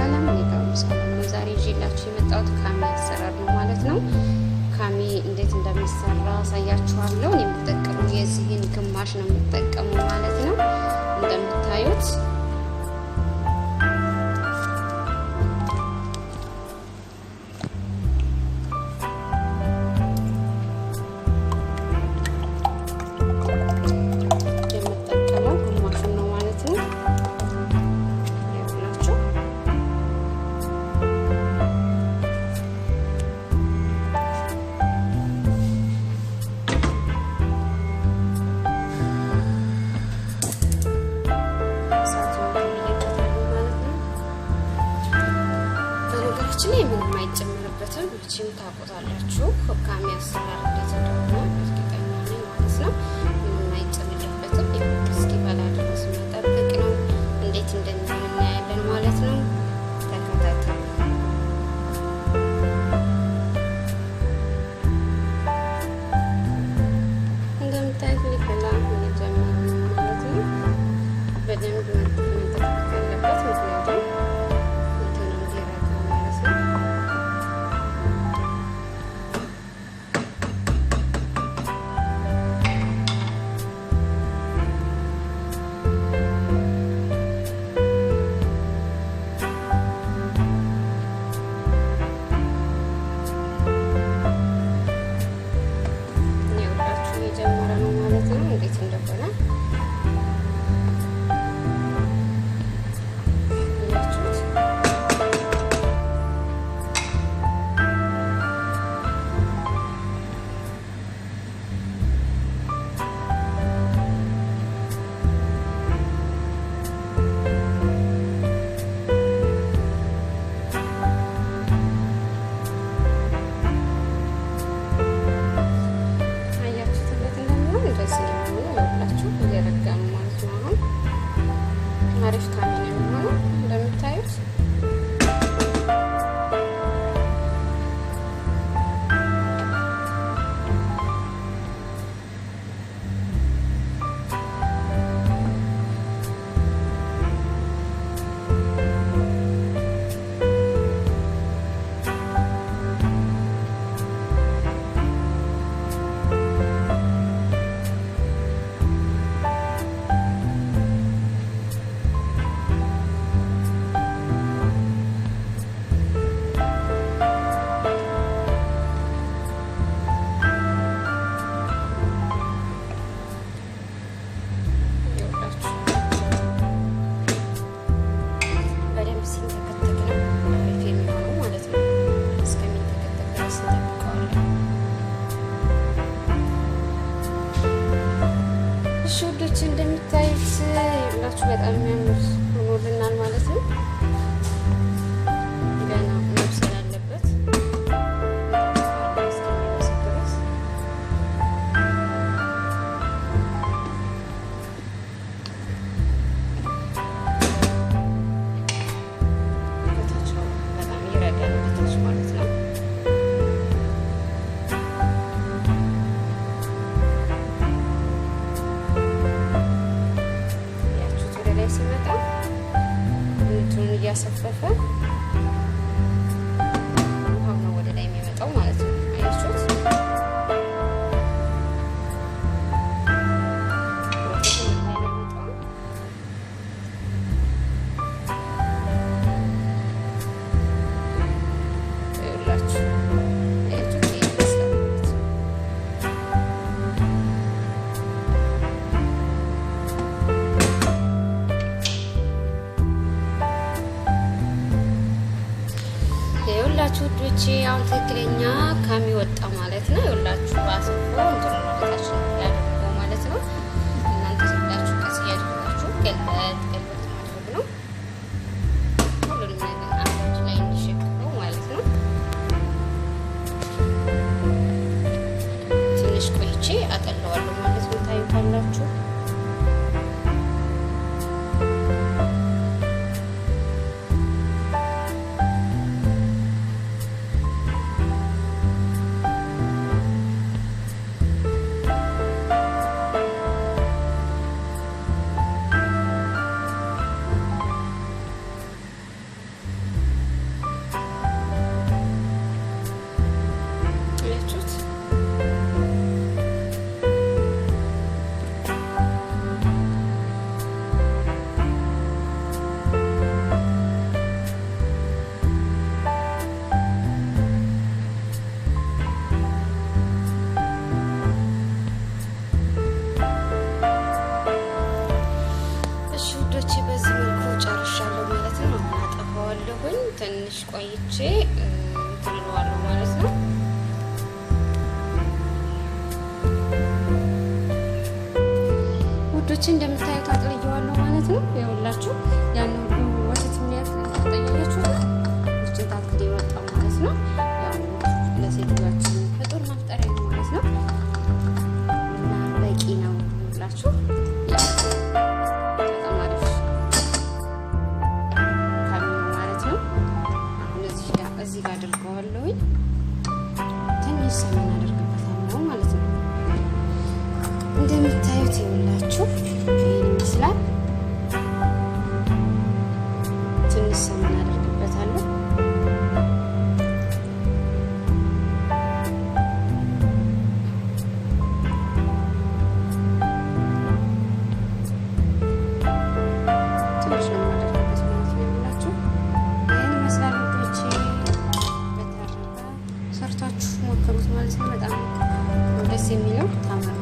ሰላም እኔ ጋር ሁሉ ሰላም ነው። ዛሬ ይዤላችሁ የመጣሁት ካሚ አሰራር ነው ማለት ነው። ካሚ እንዴት እንደሚሰራ አሳያችኋለሁ። የምጠቀመው የዚህን ግማሽ ነው የምጠቀመው ማለት ነው እንደምታዩት ሁላችሁም ታውቁታላችሁ። ሁካሜ አሰራር ውዶች እንደምታዩት የላችሁ በጣም የሚያምር ሆኖልናል ማለት ነው። ቤተሰቦቼ አሁን ትክክለኛ ከሚወጣ ማለት ነው የወላችሁ በአስፎ እንትሮ ያደርገው ማለት ነው። እናንተ ማድረግ ነው። ሁሉንም ነገር አንዳንድ ላይ ማለት ነው። ትንሽ ቆይቼ አጠለዋለሁ ማለት ነው። ታዩታላችሁ እያደረኩኝ ትንሽ ቆይቼ ትምለዋለሁ ማለት ነው። ውዶች እንደምታዩት አጥልየዋለሁ ማለት ነው። ይኸውላችሁ ያን እንደምታዩት ይውላችሁ ይህን ይመስላል። ትንሽ ሰመን አደርግበታለሁ። ሰርታችሁ ሞክሩት ማለት ነው። በጣም ደስ የሚለው